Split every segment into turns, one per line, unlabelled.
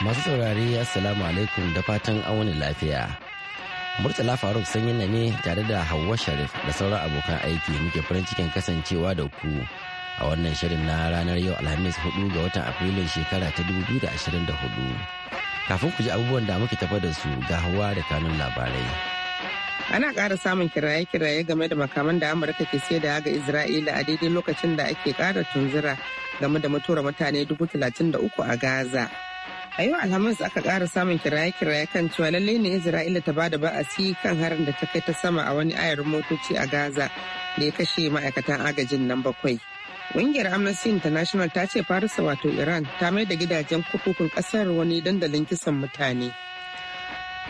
masu saurari assalamu alaikum da fatan an wani lafiya murtala faruk sanyi na ne tare da hauwa sharif da sauran abokan aiki muke farin cikin kasancewa da ku a wannan shirin na ranar yau alhamis 4 ga watan afrilun shekara ta 2024 kafin ku ji abubuwan da muke tafa da su ga hawa da kanun labarai
ana ƙara samun kiraye-kiraye game da makaman da amurka ke da ga isra'ila a daidai lokacin da ake kara tunzura game da mutuwar mutane 33 a gaza a yau alhamis aka kara samun kiraye-kiraye kan cewa lallai ne isra'ila ta bada ba'asi kan harin da ta kai ta sama a wani ayar motoci a gaza da ya kashe ma'aikatan agajin nan bakwai ƙungiyar amnesty international ta ce farisa wato iran ta mai da gidajen kurkukun ƙasar wani dandalin kisan mutane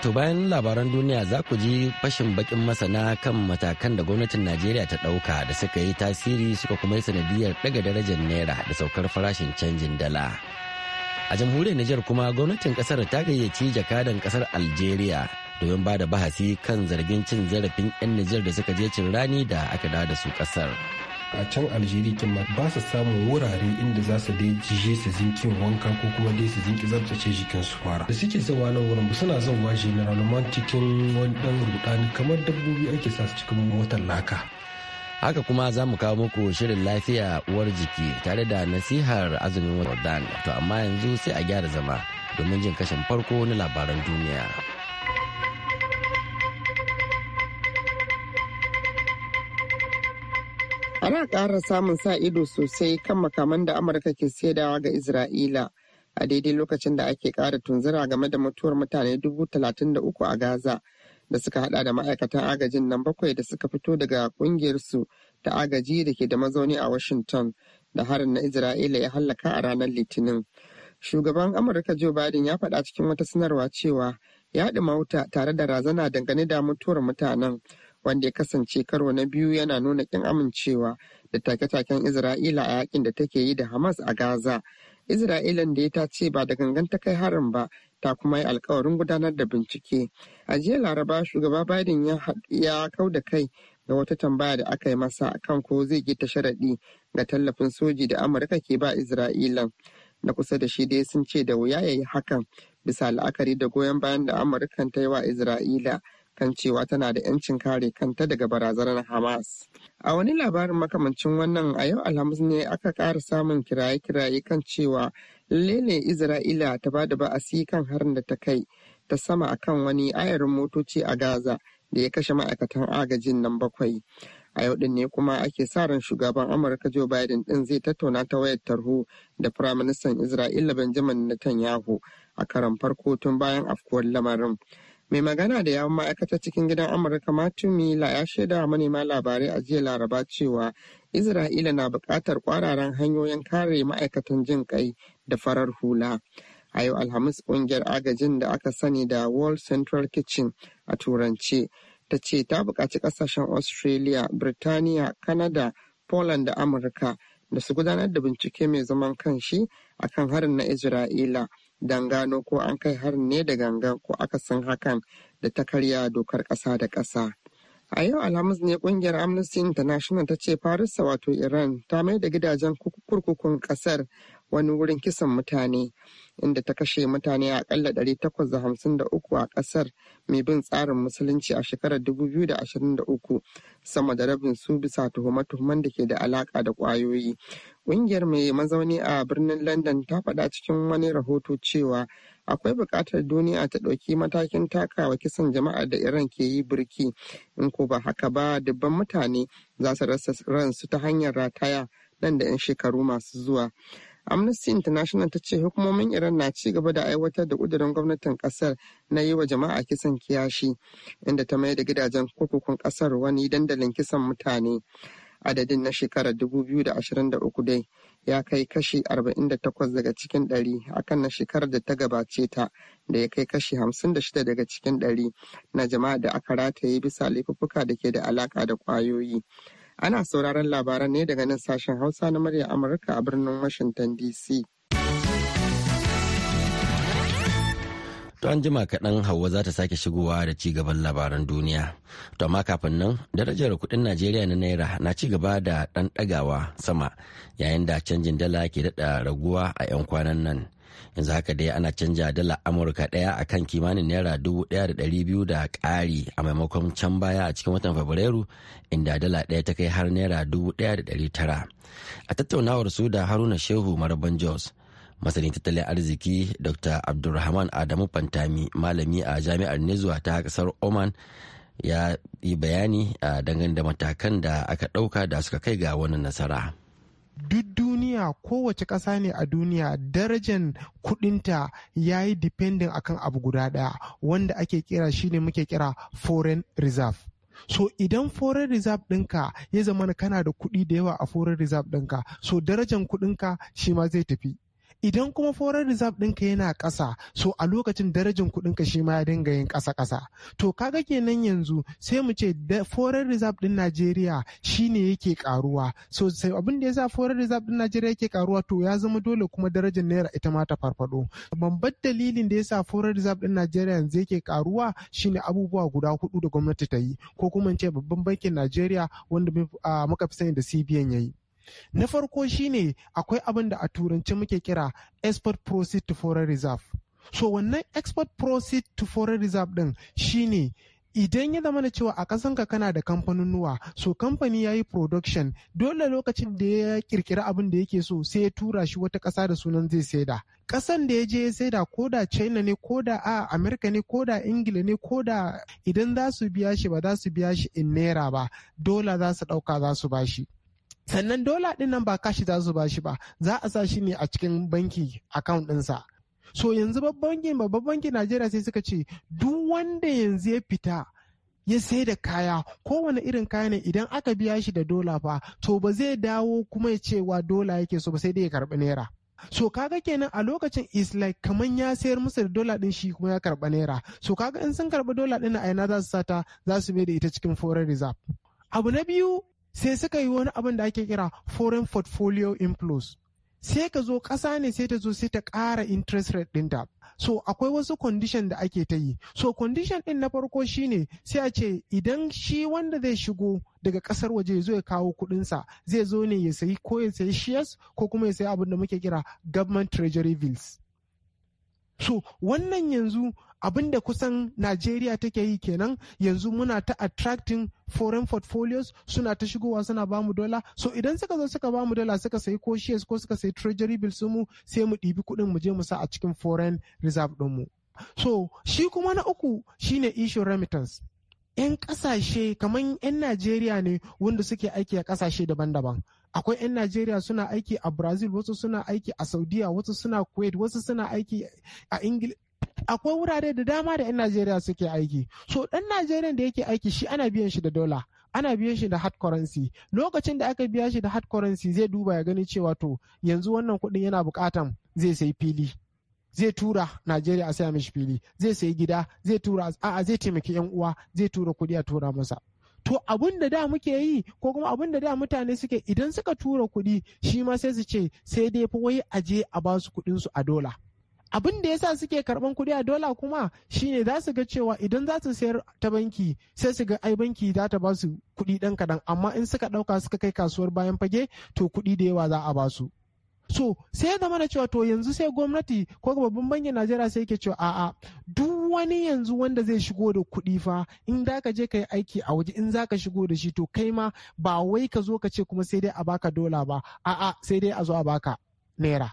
to bayan labaran duniya za ku ji fashin bakin masana kan matakan da gwamnatin najeriya ta ɗauka da suka yi tasiri suka kuma yi sanadiyar ɗaga darajar naira da saukar farashin canjin dala a jamhuriyar Nijar kuma gwamnatin kasar ta gayyaci jakadan kasar Algeria domin ba da bahasi kan zargin cin zarafin 'yan Nijar da suka je cin rani da aka da da su kasar.
a can algeria kin ba su samun wurare inda za su dai jije su zinkin wanka ko kuma dai su zinki tsabtace jikin su fara da suke zuwa nan wurin ba suna waje na cikin wani dan rudani kamar dabbobi ake sa su cikin motar laka
haka kuma za mu kawo muku shirin lafiya uwar jiki tare da nasihar azumin ramadan to amma yanzu sai a gyara zama domin jin kashin farko na labaran duniya
ana ƙara samun sa ido sosai kan makaman da amurka ke saidawa ga isra'ila a daidai lokacin da ake ƙara tunzura game da mutuwar mutane dubu talatin da uku a gaza da suka hada da ma'aikatan agajin nan bakwai da suka fito daga ƙungiyarsu ta agaji da ke da mazauni a washington da harin na isra'ila ya hallaka a ranar litinin shugaban amurka joe biden ya faɗa cikin wata sanarwa cewa ya mauta tare da razana dangane da mutuwar mutanen wanda ya kasance karo na biyu yana nuna ƙin amincewa da take-taken isra'ila a yakin da take yi da hamas a gaza Isra'ilan da ta ce ba da gangan ta kai harin ba ta kuma yi alkawarin gudanar da bincike. A jiya Laraba shugaba Biden ya kau da kai ga wata tambaya da aka yi masa kan ko zai gita sharaɗi ga tallafin soji da Amurka ke ba Isra'ilan. Na kusa da shi dai sun ce da wuya ya yi hakan bisa la'akari da goyon bayan da Amurkan ta yi wa Isra'ila. kan cewa tana da 'yancin kare kanta daga barazanar Hamas. A wani labarin makamancin wannan a yau Alhamis ne aka kara samun kiraye-kiraye kan cewa lele Isra'ila ta ba da ba'asi kan harin da ta kai ta sama akan wani ayarin motoci a Gaza da ya kashe ma'aikatan agajin nan bakwai. a yau din ne kuma ake sa ran shugaban amurka joe biden din zai tattauna ta wayar tarho da firaministan isra'ila benjamin netanyahu a karan farko tun bayan afkuwar lamarin mai magana da yawon ma'aikata cikin gidan amurka matthew miller ya shaida wa manema labarai a jiya laraba cewa isra'ila na buƙatar kwararan hanyoyin kare ma'aikatan jin kai da farar hula a yau alhamis ƙungiyar agajin da aka sani da world central kitchen a turance ta ce ta buƙaci ƙasashen australia birtaniya canada poland da amurka da su gudanar da bincike mai zaman kanshi akan harin na isra'ila don gano ko an kai harin ne da gangan ko aka san hakan da ta karya dokar ƙasa da ƙasa. A yau Alhamis ne kungiyar Amnesty International ta ce Farisa wato Iran ta mai da gidajen kurkukun kasar wani wurin kisan mutane inda ta kashe mutane akalla 853 a kasar mai bin tsarin musulunci a shekarar 2023 sama da rabin su bisa tuhume-tuhumen da ke da alaka da kwayoyi. Ƙungiyar mai mazauni a birnin London ta faɗa cikin wani rahoto cewa akwai buƙatar duniya ta ɗauki matakin takawa kisan jama'a da Iran ke yi birki in ko ba haka ba dubban mutane za su rasa ransu ta hanyar rataya nan da 'yan shekaru masu zuwa. amnesty international ta ce hukumomin iran na ci gaba da aiwatar da kudurin gwamnatin ƙasar na yi wa jama'a kisan kiyashi inda ta mai da gidajen kurkukun kasar wani dandalin kisan mutane adadin na shekarar 2023 dai ya kai kashi 48 daga cikin 100 akan na shekarar da ta gabace ta da ya kai kashi 56 daga cikin 100 na jama'a da aka rataye bisa laifuka da ke da alaka da kwayoyi. Ana sauraron labaran ne daga nan sashen Hausa na murya Amurka a birnin Washington DC.
To an jima kaɗan Hauwa za ta sake shigowa da ci gaban labaran duniya. To amma kafin nan darajar kuɗin Najeriya na Naira na ci gaba da ɗan ɗagawa sama yayin da canjin dala ke daɗa raguwa a 'yan kwanan nan. yanzu haka dai ana canja dala amurka daya a kan kimanin naira dubu daya da dari biyu da ƙari a maimakon can baya a cikin watan fabrairu inda dala daya ta kai har naira dubu daya da dari tara a tattaunawar su da haruna shehu maraban jos masanin tattalin arziki dr abdulrahman adamu pantami malami a jami'ar nezuwa ta kasar oman ya yi bayani a dangane da matakan da aka ɗauka da suka kai ga wani nasara
duddu duniya kowace ƙasa ne a duniya darajan kuɗinta ya yi dependent akan abu guda ɗaya wanda ake kira ne muke kira foreign reserve so idan foreign reserve ɗinka ya zama kana da kuɗi da yawa a foreign reserve ɗinka so darajan kuɗinka shi ma zai tafi idan kuma foreign reserve ɗinka yana ƙasa so a lokacin darajin kuɗinka shi ma ya dinga yin ƙasa ƙasa to kaga kenan yanzu sai mu ce foreign reserve ɗin Najeriya shine yake ƙaruwa, so sai abin da yasa foreign reserve ɗin Najeriya yake karuwa to ya zama dole kuma darajar naira ita ma ta farfado babban dalilin da yasa foreign reserve ɗin Najeriya yanzu yake karuwa shine abubuwa guda hudu da gwamnati ta yi ko kuma in ce babban bankin Najeriya wanda ah, muka fi sani da CBN yayi Na farko shine akwai abin da a turanci muke kira export proceed to foreign reserve. So wannan export proceed to foreign reserve din shine idan ya zama da cewa a ka kana da kamfanunuwa so kamfani ya yi production dole lokacin da ya kirkiri abin da yake so sai ya tura shi wata ƙasa da sunan zai saida ƙasan da ya je ya saida ko da china ne ko da a amerika ne ko da ingila ne ko da idan za su biya shi ba za su biya shi in naira ba dola za su ɗauka za su ba shi sannan dola ɗin nan ba kashi za su ba shi ba za a sa shi ne a cikin banki account ɗinsa so yanzu babban bankin babban bankin najeriya sai suka ce duk wanda yanzu ya fita ya sai da kaya kowane irin kaya ne idan aka biya shi da dola fa to ba zai dawo kuma ya ce wa dola yake so ba sai dai ya karbi naira so kaga kenan a lokacin is like kaman ya sayar musu da dola din shi kuma ya karba naira so kaga in sun karba dola din a ina za su sata za su mai da ita cikin foreign reserve abu na biyu sai suka yi wani abin da ake kira foreign portfolio inflows sai ka zo ƙasa ne sai ta zo sai ta ƙara interest rate ɗinta so akwai wasu condition da ake ta yi so condition ɗin na farko shine sai a ce idan shi wanda zai shigo daga ƙasar waje zo ya kawo kuɗinsa zai zo ne ya sayi ko ya sayi shares ko kuma ya sayi abin da muke kira government treasury bills so wannan yanzu abin da kusan najeriya take yi kenan yanzu muna ta attracting foreign portfolios suna ta shigowa suna bamu dola so idan suka zo suka bamu dola suka sayi ko shares ko suka sayi treasury bills mu sai mu ɗibi kuɗin mu je mu sa a cikin foreign reserve mu. so shi kuma na uku shine issue remittance 'yan kasashe kamar 'yan Najeriya ne wanda suke aiki a kasashe daban-daban. Akwai 'yan Najeriya suna aiki a Brazil, wasu suna aiki a Saudiya, wasu suna Kuwait, wasu suna aiki a Ingila. akwai wurare da dama da 'yan najeriya suke aiki so ɗan najeriya da yake aiki shi ana biyan shi da dola ana biyan shi da hard currency lokacin da aka biya shi da hard currency zai duba ya gani cewa to yanzu wannan kuɗin yana buƙatan zai sai fili zai tura najeriya a saya mishi fili zai sai gida zai tura a'a zai taimaki yan uwa zai tura kuɗi a tura masa to abun da da muke yi ko kuma abun da da mutane suke idan suka tura kuɗi shi ma sai su ce sai dai fa wai aje a basu kuɗinsu a dola abin da yasa suke karban kuɗi a dola kuma shine za su ga cewa idan za su sayar ta banki sai su ga ai banki za ta ba su kuɗi ɗan kaɗan amma in suka ɗauka suka kai kasuwar bayan fage to kuɗi da yawa za a ba su so sai zama na cewa to yanzu sai gwamnati ko babban bankin najeriya sai yake cewa a'a duk wani yanzu wanda zai shigo da kuɗi fa in da ka je ka yi aiki a waje in za ka shigo da shi to kai ma ba wai ka zo ka ce kuma sai dai a baka dola ba a'a sai dai a zo a baka naira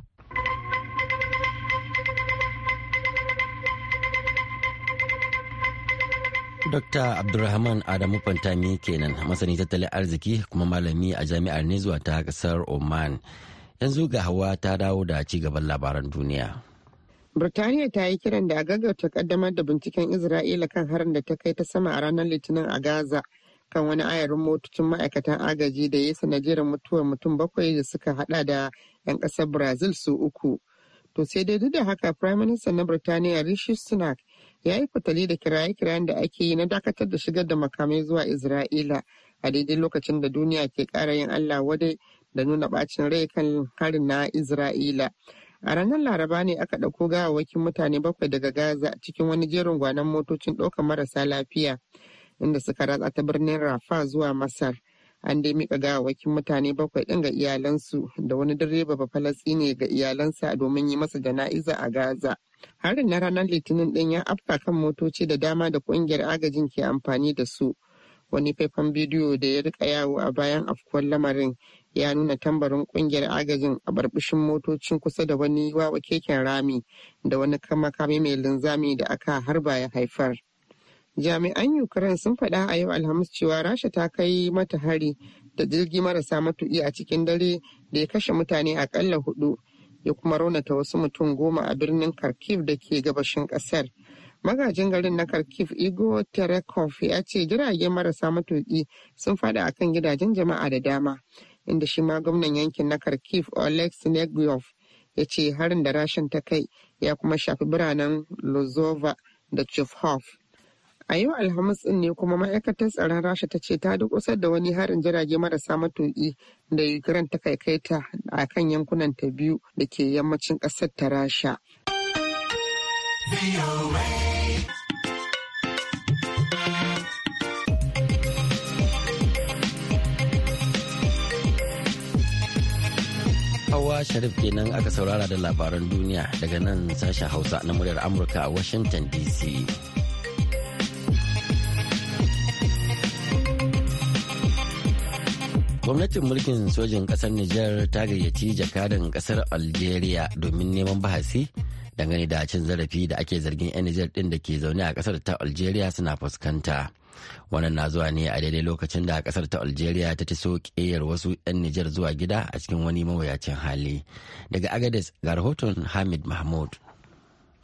Dr. Abdulrahman Adamu Fantami kenan masani tattalin arziki kuma malami a jami'ar Nizwa ta kasar Oman. Yanzu ga hawa ta dawo da ci gaban labaran duniya.
Birtaniya ta yi kiran da a ta kaddamar da binciken Isra'ila kan harin da ta kai ta sama a ranar Litinin a Gaza kan wani ayarin motocin ma'aikatan agaji da ya sanadiyar mutuwar mutum bakwai da suka hada da 'yan ƙasar Brazil su uku. To sai dai duk da haka Prime Minister na Birtaniya Rishi Sunak ya yi fatali da kiraye-kirayen da ake yi na dakatar da shigar da makamai zuwa Isra'ila a daidai lokacin da duniya ke ƙara yin Allah wadai da nuna bacin rai kan harin na Isra'ila. A ranar Laraba ne aka ɗauko gawawwakin mutane bakwai daga Gaza cikin wani jerin gwanon motocin ɗaukar marasa lafiya inda suka ratsa ta birnin Rafa zuwa Masar. an dai mika wakin mutane bakwai ɗin ga iyalansu da wani direba ne ga iyalansa domin yi masa jana'iza a gaza harin na ranar litinin din ya afka kan motoci da dama da ƙungiyar agajin ke amfani da su wani faifan bidiyo da ya rika yawo a bayan afkuwar lamarin ya nuna tambarin kungiyar agajin a barbishin motocin kusa da wani wawa keken rami da wani makami mai linzami da aka harba ya haifar Jami'an Ukraine sun faɗa a yau Alhamis cewa Rasha ta kai mata hari da jirgi marasa matuƙi a cikin dare da ya kashe mutane akalla hudu ya kuma raunata wasu mutum goma a birnin Kharkiv da ke gabashin ƙasar. Magajin garin na Kharkiv Igor Terekov ya ce jiragen marasa matuƙi sun faɗa akan gidajen jama'a da dama. inda shi ma gwamnan yankin na kharkiv oleg sinegiov ya ce harin da rashin ta kai ya kuma shafi biranen lozova da chivhov A yau Alhamis ɗin ne kuma ma'aikatar tsaron Rasha ta ce ta dukusar da wani harin jirage marasa matuƙi da Ukraine ta kaikaita a kan yankunan ta biyu da ke yammacin ƙasar ta Rasha.
Hawa Sharif kenan aka saurara da labaran duniya daga nan sashen Hausa na muryar Amurka a Washington DC. gwamnatin mulkin sojin ƙasar nijar ta gayyaci jakadan kasar algeria domin neman bahasi dangane da cin zarafi da ake zargin 'yan nijar ɗin da ke zaune a ƙasar ta algeria suna fuskanta wannan na zuwa ne a daidai lokacin da ƙasar ta algeria ta ci so ƙeyar wasu 'yan nijar zuwa gida a cikin wani mawuyacin hali daga agades ga rahoton hamid mahmud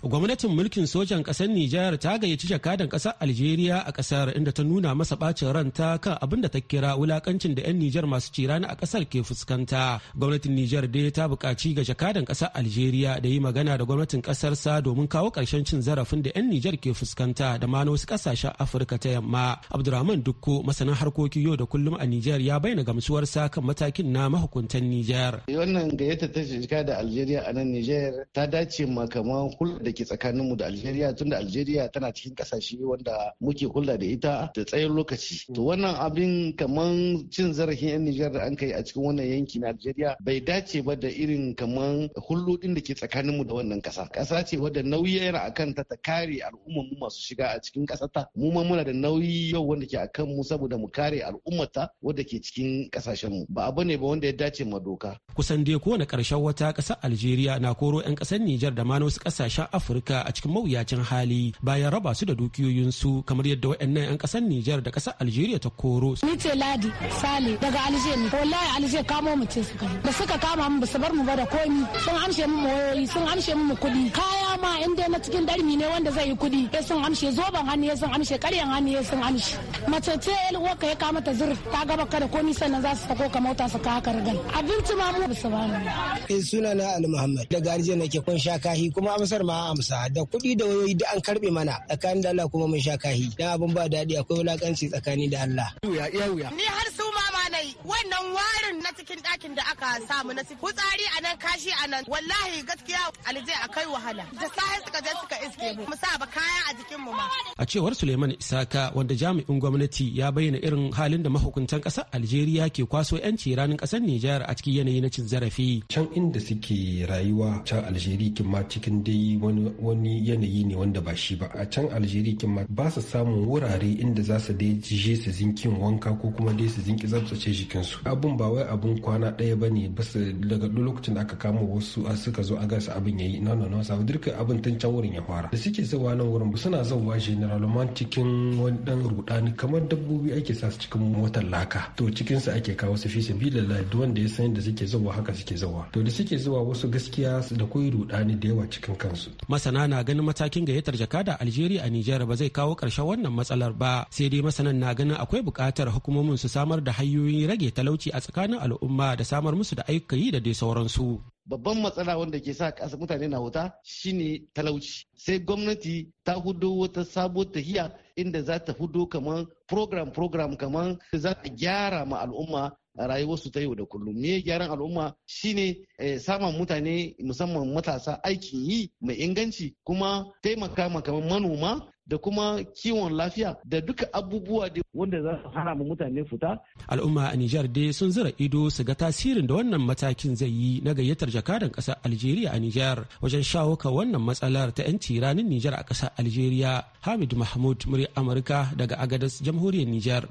gwamnatin mulkin sojan ƙasar Nijar ta gayyaci jakadan kasar Algeria a ƙasar inda ta nuna masa ɓacin ranta kan abin da ta kira wulakancin da 'yan Nijar masu cirani a kasar ke fuskanta. Gwamnatin Nijar dai ta buƙaci ga jakadan kasar Algeria da yi magana da gwamnatin ƙasarsa domin kawo ƙarshen cin zarafin da 'yan Nijar ke fuskanta da ma wasu kasashen Afirka ta yamma. Abdurrahman Dukko masanin harkokin yau da kullum a Nijar ya bayyana gamsuwarsa kan matakin na mahukuntan Nijar.
Wannan gayyata ta shiga da Algeria a nan Nijar ta dace makaman hulɗa ke tsakaninmu da Algeria tunda Algeria tana cikin kasashe wanda muke hulɗa da ita da tsayin lokaci. To wannan abin kaman cin zarafin 'yan Nijar da an kai a cikin wannan yanki na Algeria bai dace ba da irin kaman hulɗoɗin da ke tsakaninmu da wannan ƙasa. Ƙasa ce wadda nauyi yana akan ta ta kare al'ummar mu masu shiga a cikin ta, Mu ma muna da nauyi yau wanda ke akan mu saboda mu kare al'ummata wadda ke cikin ƙasashen mu. Ba abu ne ba wanda ya dace ma doka.
Kusan dai kowane ƙarshen wata ƙasa Algeria na koro 'yan ƙasar Nijar da ma wasu ƙasashen afirka a cikin mawuyacin hali bayan raba su da dukiyoyinsu kamar yadda waɗannan 'yan ƙasar nijar da ƙasar algeria ta koro
ni ce ladi sale daga alger ne wallahi alger kamo mu ce suka da suka kama mu ba su bar mu ba da komi sun amshe mu wayoyi sun amshe mu kuɗi kaya kuma in dai na cikin darmi ne wanda zai yi kuɗi ya sun amshe zoben hannu ya sun amshe karyan hannu ya sun amshe mace ce ka ya kama ta zurf ta gaba kada nisan sannan za su sako ka mota su kaka rigan abinci ma mu su bani
eh suna na Ali Muhammad daga Arje nake kun sha kahi kuma amsar ma amsa da kudi da wayoyi da an karbe mana tsakanin da Allah kuma mun sha kahi dan abin ba daɗi akwai wulakanci tsakani da Allah iya wuya
ni har su ma ma nayi wannan warin na cikin ɗakin da aka samu na tsari a nan kashi a nan wallahi gaskiya a akai wahala da sahi suka je suka iske mu mu sa ba kaya a jikin mu
a cewar Suleiman Isaka wanda jami'in gwamnati ya bayyana irin halin da mahukuntan kasa Algeria ke kwaso yanci ranar ƙasar Nijar
a cikin yanayi na cin zarafi can inda suke rayuwa can Algeria kin ma cikin dai wani yanayi ne wanda ba shi ba a can Algeria kin ma ba su samun wurare inda za su dai je su zinkin wanka ko kuma dai su zinki zabtace jikinsu abun ba wai abun kwana ɗaya bane ba su daga lokacin da aka kama wasu suka zo a gasa abin yayi no no no sabu abin tun can wurin ya fara da suke zuwa nan wurin ba suna zauwa general man cikin wani dan rudani kamar dabbobi ake sa su cikin motar laka to cikin su ake kawo su fi lallai duk wanda ya san da suke zuwa haka suke zuwa to da suke zuwa wasu gaskiya da koyi rudani da yawa cikin kansu
masana na ganin matakin gayyatar jakada Algeria a Nijar ba zai kawo karshen wannan matsalar ba sai dai masanan na ganin akwai bukatar hukumomin su samar da hanyoyin rage talauci a tsakanin al'umma da samar musu da ayyuka yi da dai sauransu
babban matsala wanda ke sa ƙasa mutane na wuta shine talauci sai gwamnati ta hudo wata sabuwar tahiya inda za ta hudo kamar program program kamar za ta gyara ma al'umma rayuwarsu ta yau da kullum me gyaran al'umma shine eh, samun mutane musamman matasa aikin yi mai inganci kuma taimaka ma kamar manoma da kuma kiwon lafiya da duka abubuwa da wanda za su hana mu mutane fita.
Al'umma a Nijar dai sun zira ido su ga tasirin da wannan matakin zai yi na gayyatar jakadan ƙasar Algeria a Nijar wajen shawo kan wannan matsalar ta 'yanci ranar Nijar a ƙasar Algeria. Hamid Mahmud murya Amurka daga Agadas
Jamhuriyar Nijar.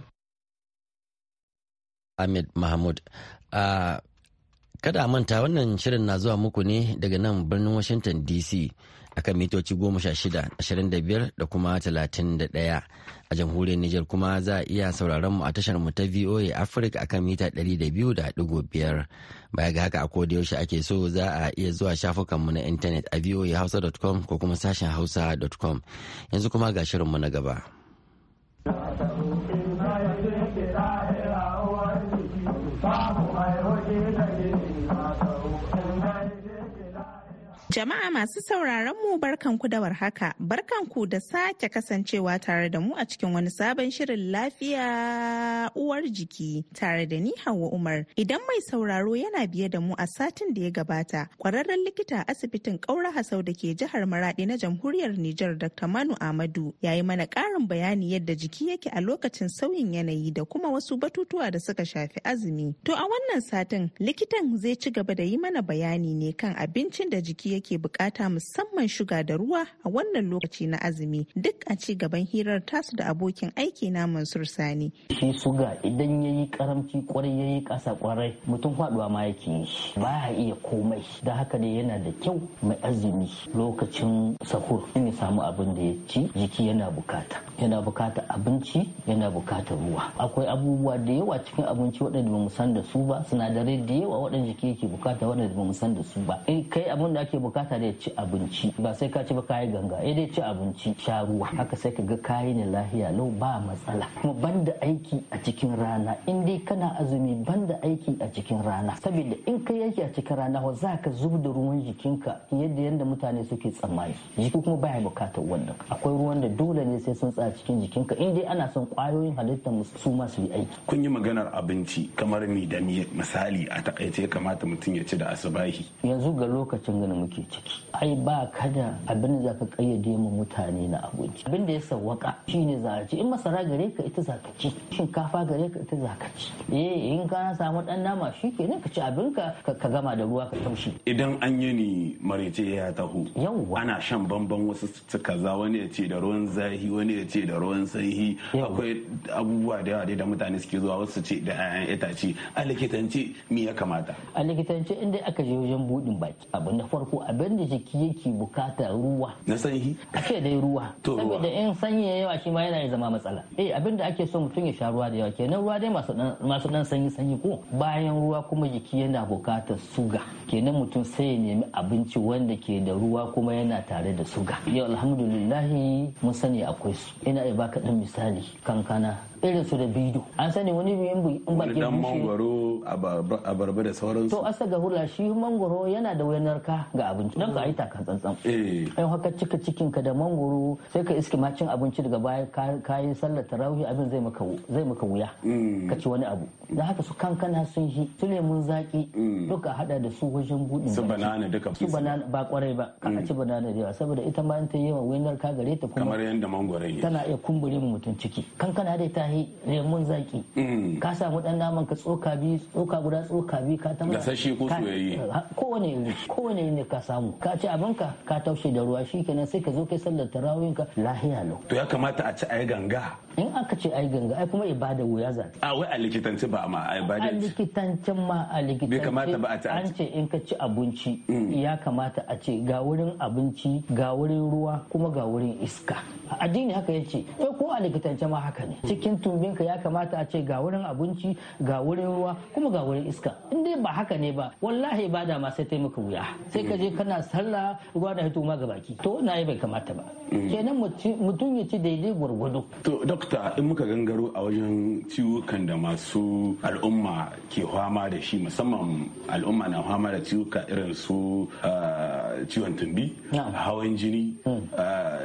Hamid Mahmud. kada manta wannan shirin na zuwa muku ne daga nan birnin Washington DC. akan mitoci goma sha shida ashirin da biyar da kuma talatin da ɗaya a jamhuriyar Nijar kuma za a iya sauraron mu a tashar mu ta VOA Africa akan mita ɗari da biyu da ɗigo biyar baya ga haka a koda yaushe ake so za a iya zuwa shafukan mu na intanet a voahausa.com ko kuma sashen hausa.com yanzu kuma ga shirin mu na gaba.
Jama'a masu sauraron mu barkanku da warhaka, ku da sake kasancewa tare da mu a cikin wani sabon shirin lafiya uwar jiki tare da ni Hauwa Umar. Idan mai sauraro yana biye da mu a satin da ya gabata, kwararren likita asibitin Kaura Hasau da ke jihar Maradi na Jamhuriyar Nijar Dr. Manu Amadu ya yi mana ƙarin bayani yadda jiki yake a lokacin sauyin yanayi da kuma wasu batutuwa da suka shafi azumi. To a wannan satin likitan zai ci gaba da yi mana bayani ne kan abincin da jiki yake yake bukata musamman shuga da ruwa a wannan lokaci na azumi duk a ci gaban hirar tasu da abokin aiki na Mansur Sani.
Shi suga idan yayi yi karamci kwarai yayi yi kasa kwarai mutum faduwa ma yake yi ba ya iya komai da haka ne yana da kyau mai azumi lokacin sahur in ya samu abin da ya ci jiki yana bukata. yana bukatar abinci yana bukatar ruwa akwai abubuwa da yawa cikin abinci waɗanda ba mu san da su ba sinadarai da yawa waɗanda jiki yake bukata waɗanda ba mu san da su ba in kai abin da ake bukata da ya ci abinci ba sai ka ci ba kayi ganga ya eh dai ci abinci sha ruwa haka sai ka ga kayi ne lafiya lau ba matsala kuma banda aiki a cikin rana in dai kana azumi banda aiki a cikin rana saboda in kai aiki a cikin rana wa za ka zub da ruwan jikinka yadda yadda mutane suke tsammani jiki kuma baya bukatar wannan akwai ruwan da dole ne sai sun tsaya a cikin jikinka in dai ana son kwayoyin halittar su masu yi aiki
kun yi maganar abinci kamar mi da mi misali a takaice kamata mutum ya ci da asubahi yanzu ga lokacin gani muke ciki
ai ba kada abin da za ka kayyade mu mutane na abinci abin da ya sawwaka ne za a ci in masara gare ka ita za ka ci shinkafa gare ka ita za ka ci eh in ka samu dan nama shi ne ka ci abin ka gama da ruwa ka taushe
idan an yi ni marece ya taho ana shan bambam wasu suka za wani ya ce da ruwan zahi wani ya ce da ruwan sanyi akwai abubuwa da yawa da mutane suke zuwa wasu ce da ayan itace a likitance me ya kamata
a likitance inda aka je wajen budin baki abu na farko abin da jiki yake bukata ruwa na sanyi a ce dai ruwa saboda in sanyi ya yawa shi ma yana zama matsala eh abin da ake so mutum ya sha ruwa da yawa kenan ruwa dai masu dan sanyi sanyi ko bayan ruwa kuma jiki yana bukatar suga kenan mutum sai ya nemi abinci wanda ke da ruwa kuma yana tare da suga yau alhamdulillah mun sani akwai su ina iya baka ɗan misali kankana irin su da bido an sani wani biyan bai in baki dan
mangoro abarba da sauransu to
asa ga hula shi mangoro yana da wayar ka ga abinci dan ka yi taka tsantsan eh haka cika cikin ka da mangoro sai ka iske macin abinci daga baya ka yi sallar tarawih abin zai maka zai maka wuya mm. ka ci wani abu dan haka su kankana sun shi su lemun zaki mm. duka hada da su wajen budin su banana duka su banana ba kwarai ba ka mm. ci banana da yawa saboda ita ma in ta yi wa wayar ka gare ta kuma kamar
yanda mangoron tana iya
kumbure mutum ciki kankana dai ta yi lemun zaki mm. ka samu dan naman ka tsoka bi tsoka guda tsoka bi ka ta shi ko soyayye kowane ne kowane ne ka samu ka ci abinka ka Ka taushe da ruwa Shi shikenan sai ka zo kai sallar tarawihin ka lahiya lo
to ya kamata a ci ayi ganga
in aka ce ai ganga ai kuma ibada wuya za
ta a wai a likitance ba ma a ibada a
likitancen ma a likitance ba a an ce in ka ci abinci mm. ya kamata a ce ga wurin abinci ga wurin ruwa kuma ga wurin iska a addini haka yace eh ko a likitance ma haka ne cikin tumbinka ya kamata a ce ga wurin abinci ga wurin ruwa kuma ga wurin iska in dai ba haka ne ba wallahi ibada ma sai ta maka wuya sai ka je mm. kana sallah ruwa da hito ma ga baki to na yi bai kamata ba mm. kenan mutum ya ci daidai gwargwado dokta in muka gangaro
a wajen ciwukan da masu al'umma ke fama da shi musamman al'umma na fama da ciwuka irin su ah, ciwon tumbi hawan jini hmm. ah,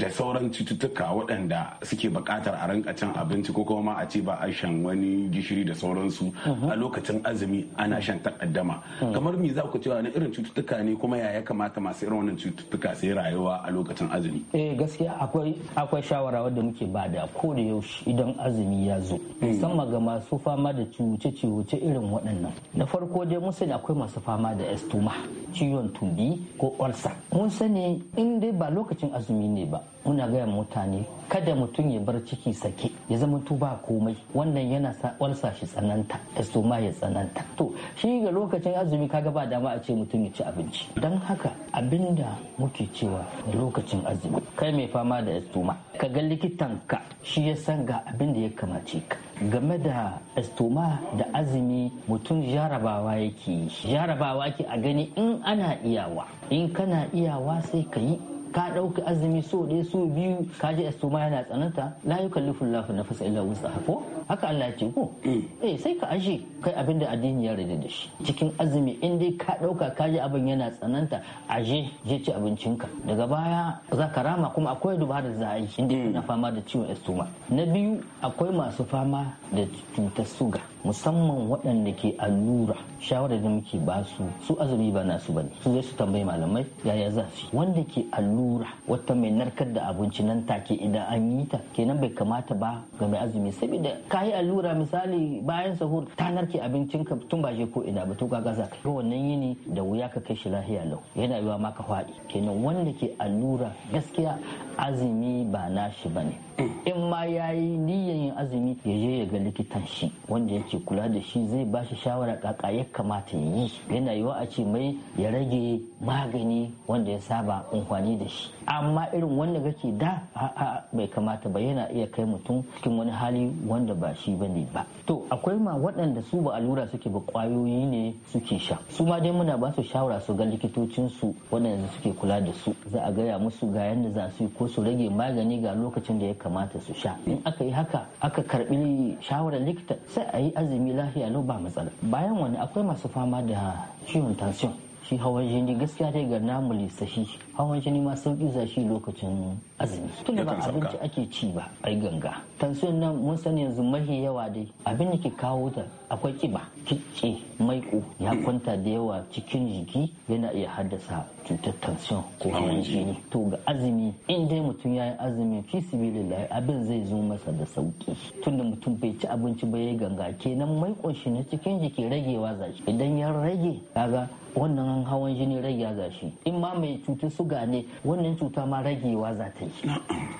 da sauran cututtuka waɗanda suke buƙatar a rinka cin abinci ko kuma a ce ba a shan wani gishiri da sauransu hmm. a lokacin azumi ana shan takaddama hmm. kamar me za ku cewa na irin cututtuka ne kuma ya kamata masu irin wannan cututtuka sai rayuwa
a lokacin azumi eh gaskiya akwai akwai shawara wadda muke ba da ko yaushe idan azumi ya zo musamman ga masu fama da ciwuce-ciwuce irin waɗannan na farko dai mun sani akwai masu fama da estoma ciwon tumbi ko olsa mun sani in dai ba lokacin azumi ne ba muna gaya mutane kada mutum ya bar ciki sake ya zama ba komai wannan yana sa walsa shi tsananta da su ma ya tsananta to shi ga lokacin azumi kaga ba dama a ce mutum ya ci abinci don haka abinda muke cewa lokacin azumi kai mai fama da estoma ka ga likitan ka shi ya san ga abin da ya kamace ka game da estoma da azumi mutum jarabawa yake yi jarabawa ke a gani in ana iyawa in kana iyawa sai ka yi ka ɗauki azumi so ɗaya so biyu ka je estoma yana tsananta la yukallifu llahu na illa wusaha ko haka Allah ya ce ko eh, eh sai ka aje kai abin da addini ya rage da shi cikin azumi in dai ka ɗauka ka ji abin yana tsananta a je je ci abincinka daga baya za ka rama kuma akwai dubara da za a yi inda na mm. fama da ciwon estoma na biyu akwai masu fama da cutar suga musamman waɗanda ke allura shawarar da muke ba su su azumi ba nasu bane su zai su tambayi malamai yaya za su wanda ke allura wata mai narkar da abinci nan take idan an yi ta kenan bai kamata ba ga mai azumi saboda ka yi allura misali bayan sahur ta kake abincin ka tun ba je ko ina ba to ka gaza ga wannan yini da wuya ka kai shi lahiya lau yana yiwa maka ka faɗi kenan wanda ke allura gaskiya azumi ba na shi ba ne. in ma ya yi niyyar yin azumi ya je ya ga likitan shi wanda yake kula da shi zai ba shi shawara kaka ya kamata ya yi yana yiwa a ce mai ya rage magani wanda ya saba amfani da shi amma irin wanda kake da a'a bai kamata ba yana iya kai mutum cikin wani hali wanda ba shi ba ne ba to akwai ma waɗanda su ba allura suke ba kwayoyi ne suke sha su ma dai muna ba su shawara su ga likitocin su waɗanda suke kula da su za a gaya musu ga yanda za su yi ko su rage magani ga lokacin da ya kamata su sha in aka yi haka aka karbi shawarar likita sai a yi azumi lafiya lau ba matsala bayan wani akwai masu fama da ciwon tansiyon shi hawan jini gaskiya dai ga namu lissafi hawan jini ma sauki shi lokacin azumi tunda ba abinci ake ci ba ai ganga tansiyon nan mun sani yanzu mahi yawa dai abin da ke kawo ta akwai kiba kitse maiko ya hmm. kwanta da yawa cikin jiki yana iya haddasa cutar tansiyon ko hawan jini to ga azumi in dai mutum ya yi azumi fi sibilillahi abin zai zo masa da sauki tunda mutum bai ci abinci ba ya ganga kenan maikon shi na cikin jiki ragewa zaki idan ya rage kaga wannan hawan jini rage za shi in ma mai cutar suga ne wannan cuta ma ragewa za ta yi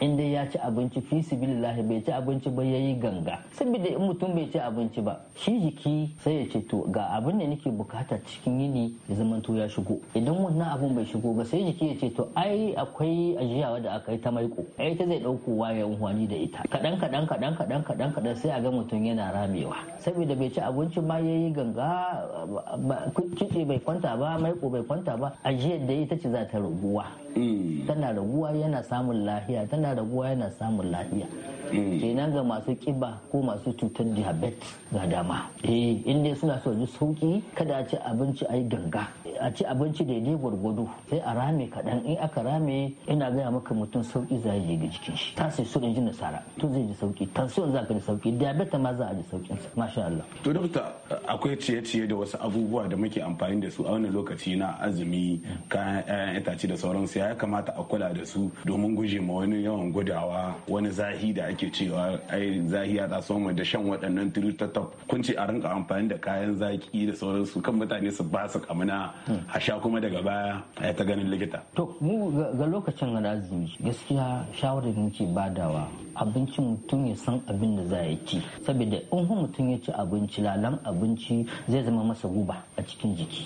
in dai ya ci abinci fi sibilillahi bai ci abinci ba ya yi ganga saboda in mutum bai ci abinci ba shi jiki sai ya ce ga abin da nake bukata cikin yini ya to ya shigo idan wannan abin bai shigo ba sai jiki ya ce to ai akwai ajiyawa da aka yi ta maiko ai ta zai dauko waya wani da ita kadan kadan kadan kadan kadan kadan sai a ga mutum yana ramewa saboda bai ci abinci ma yi ganga kitse bai kwanta kwanta ba maiko bai kwanta ba ajiyar da ita ce za ta raguwa mm. tana raguwa yana samun lafiya. tana raguwa yana samun lafiya. Mm. kenan ga masu kiba ko masu cutar diabetes ga dama eh inda suna so ji sauki kada a ci abinci ai ganga a ci abinci daidai gwargwado sai a rame kaɗan in aka rame ina gaya maka mutum sauki za ya ga jikin shi ta sai surin ji nasara to zai ji sauki tansiyon za ka ji sauki diabetes ma za a ji sauki masha Allah
to dokta akwai ciye-ciye da wasu abubuwa da muke amfani da su a wannan lokaci na azumi kayan 'ya'yan itace da sauransu ya kamata a kula da su domin guje ma wani yawan gudawa wani zahi da ake cewa ai zahi ya taso mu da shan waɗannan tiritattaf kun ce a rinka amfani da kayan zaki da sauransu kan mutane su ba su kamuna a sha kuma daga baya a ta ganin likita
to mu ga lokacin azumi gaskiya shawarar muke badawa abincin mutum ya san abin da za ya ci saboda in mutum ya ci abinci lalan abinci zai zama masa guba a cikin jiki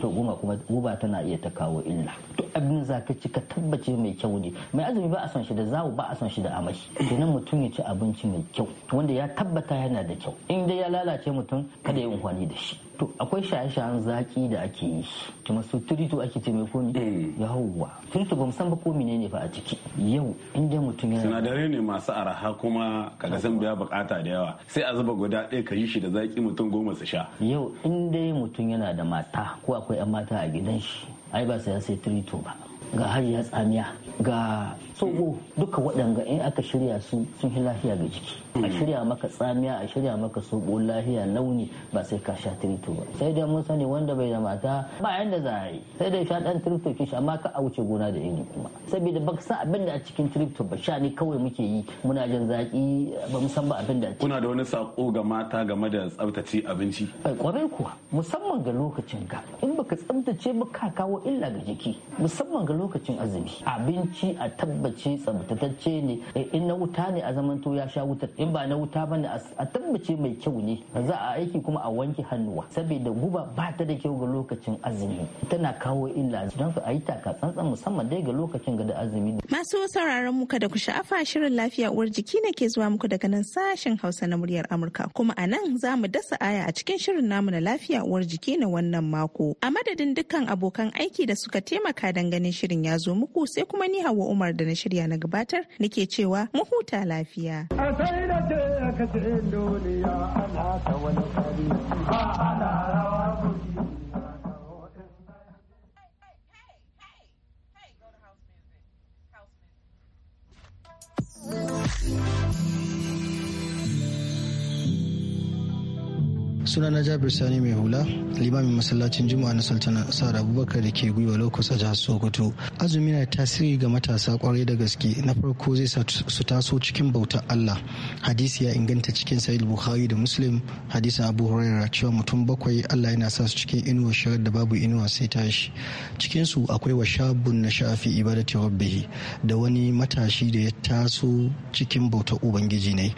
to guba kuma guba tana iya ta kawo illa to abin za ka ci ka tabbace mai kyau ne mai azumi ba a son shi da zawo ba a son shi da amashi kenan mutum ya ci abinci mai kyau wanda ya tabbata yana da kyau in dai ya lalace mutum kada ya amfani da shi to akwai shaye-shayen zaki da ake yi kuma su turito ake ce mai komi eh. yawwa ba san ko menene ba a ciki yau inda mutum yana sinadarai
ne masu masu araha kuma kaga san biya bukata da yawa sai a zuba guda ɗaya ka yi shi da zaki mutum goma su sha
yau in dai mutum yana da mata ko akwai 'yan mata a gidan shi ai ba sai ya sai trito ba ga ya tsamiya ga sobo duka waɗanga in aka shirya su sun yi lafiya ga jiki a shirya maka tsamiya a shirya maka soɓo lafiya launi ba sai ka sha tirito ba sai dai mun sani wanda bai da mata ba yanda za a yi sai dai sha dan tirito ki sha amma ka a wuce gona da yini kuma saboda ka san abin da a cikin tirito ba sha ne kawai muke yi muna jin zaki ba mu san ba abin da
kuna da wani sako ga mata game da tsaftace abinci
kwarai kuwa musamman ga lokacin ka in baka tsabtace ba ka kawo illa ga jiki musamman ga lokacin azumi abinci a tabbata tabbaci tsabtatacce ne eh, in na wuta ne a to ya sha wutar in ba na wuta bane a tabbace mai kyau ne za a aiki kuma a wanke hannuwa saboda guba ba ta da kyau ga lokacin azumi tana kawo illa don ka ayi taka tsantsan musamman dai ga lokacin ga da
azumi masu sauraron muka da ku sha'afa shirin lafiya uwar jiki ne ke zuwa muku daga nan sashen Hausa na muryar Amurka kuma a nan za mu dasa aya a cikin shirin namu na lafiya uwar jiki na wannan mako a madadin dukkan abokan aiki da suka taimaka dan ganin shirin ya zo muku sai kuma ni Hauwa Umar da na shirya na gabatar nake cewa mu huta lafiya.
A ana rawa. suna na jabir sani mai hula limamin masallacin juma'a na sultana sa'ad abubakar da ke gwiwa lokacin a jihar sokoto azumi na tasiri ga matasa kwarai da gaske na farko zai su taso cikin bautar allah hadisi ya inganta cikin sahih bukhari da muslim hadisin abu huraira cewa mutum bakwai allah yana sa su cikin inuwa shirar da babu inuwa sai tashi cikin su akwai wa shabun na shafi ibadati rabbihi da wani matashi da ya taso cikin bautar ubangiji ne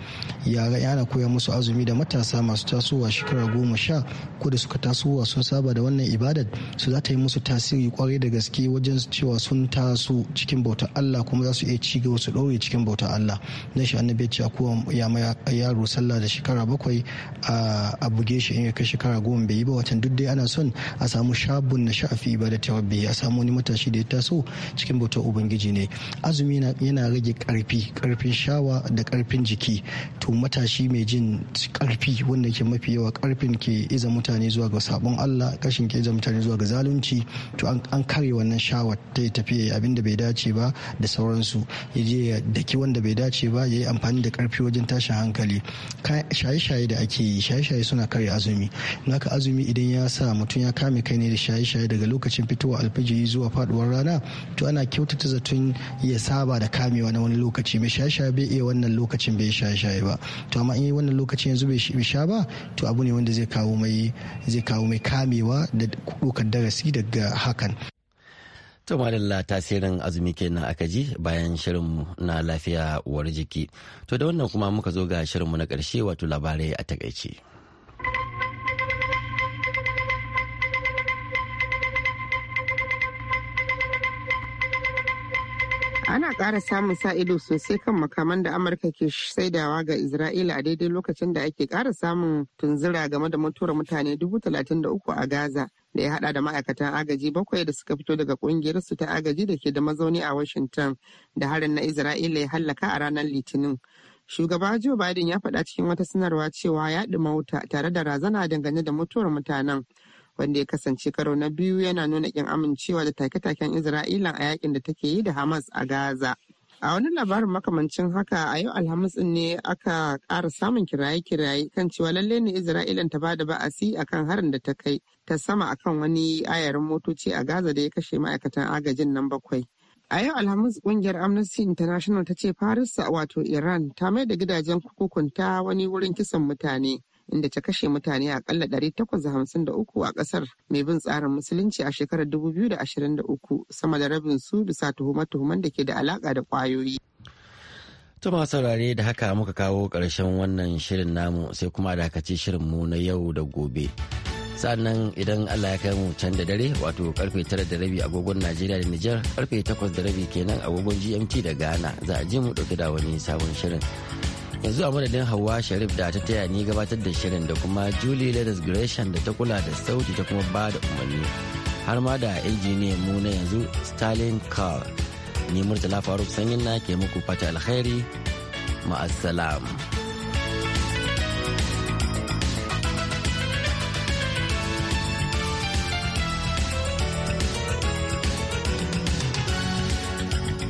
yara yana koya musu azumi da matasa masu tasowa shekarar goma sha ko da suka taso sun saba da wannan ibadar su za ta yi musu tasiri kwarai da gaske wajen cewa sun taso cikin bautar Allah kuma za su iya ci gaba su ɗore cikin bautar Allah na shi annabi ya ce ya mai yaro sallah da shekara bakwai a buge shi in ya kai shekara goma bai yi ba watan duk dai ana son a samu shabun na sha'afi ta rabbi a samu wani matashi da ya taso cikin bautar ubangiji ne azumi yana rage karfi karfin shawa da karfin jiki to matashi mai jin karfi wanda ke mafi yawa karfi rufin ke iza mutane zuwa ga sabon Allah kashin ke iza mutane zuwa ga zalunci to an kare wannan shawar ta yi tafiya abin da bai dace ba da sauransu ya je ya daki wanda bai dace ba ya yi amfani da karfi wajen tashin hankali shaye-shaye da ake yi shaye-shaye suna kare azumi naka azumi idan ya sa mutum ya kame kai ne da shaye-shaye daga lokacin fitowa alfijiri zuwa faduwar rana to ana kyautata zaton ya saba da kamewa na wani lokaci mai shaye-shaye bai iya wannan lokacin bai shaye-shaye ba to amma in yi wannan lokacin yanzu bai sha ba to abu ne wanda wanda zai kawo mai zai kawo mai kamewa da dokar darasi daga hakan
To malalla tasirin azumi kenan aka ji bayan shirin na lafiya uwar jiki. To da wannan kuma muka zo ga shirinmu na ƙarshe wato labarai a takaice.
ana ƙara samun sa ido sosai kan makaman da amurka ke saidawa ga isra'ila a daidai lokacin da ake ƙara samun tunzura game da mutuwar mutane dubu a gaza da ya hada da ma'aikatan agaji bakwai da suka fito daga kungiyar ta agaji da ke da mazauni a washington da harin na isra'ila ya hallaka a ranar litinin shugaba joe biden ya faɗa cikin wata sanarwa cewa ya ɗumauta tare da razana dangane da mutuwar mutanen wanda ya kasance karo na biyu yana nuna kin amincewa da take-taken isra'ila a yakin da take yi da hamas a gaza a wani labarin makamancin haka a yau alhamis din ne aka ƙara samun kiraye-kiraye kan cewa lalle ne isra'ila ta bada ba'asi akan harin da ta kai ta sama akan wani ayarin motoci a gaza da ya kashe ma'aikatan agajin nan bakwai A yau Alhamis kungiyar Amnesty International ta ce Paris wato Iran ta mai da gidajen kukunta wani wurin kisan mutane inda ta kashe mutane akalla 853 a kasar mai bin tsarin musulunci a shekarar 2023 sama da rabin su bisa tuhumar tuhumar da ke da alaka da kwayoyi.
To masu saurare da haka muka kawo ƙarshen wannan shirin namu sai kuma da shirin mu na yau da gobe. sannan idan Allah ya kai mu can da dare wato karfe tara da rabi agogon Najeriya da Nijar karfe takwas da rabi kenan agogon GMT da Ghana za a je mu dauki da wani sabon shirin yanzu a madadin hawa sharif da ta taya ni gabatar da shirin da kuma julie ladis gresham da ta kula da sauti ta kuma ba da umarni har ma da ne mu na yanzu stalin carl ni murtala faruk sanyin na ke muku fata alkhairi ma'assalam.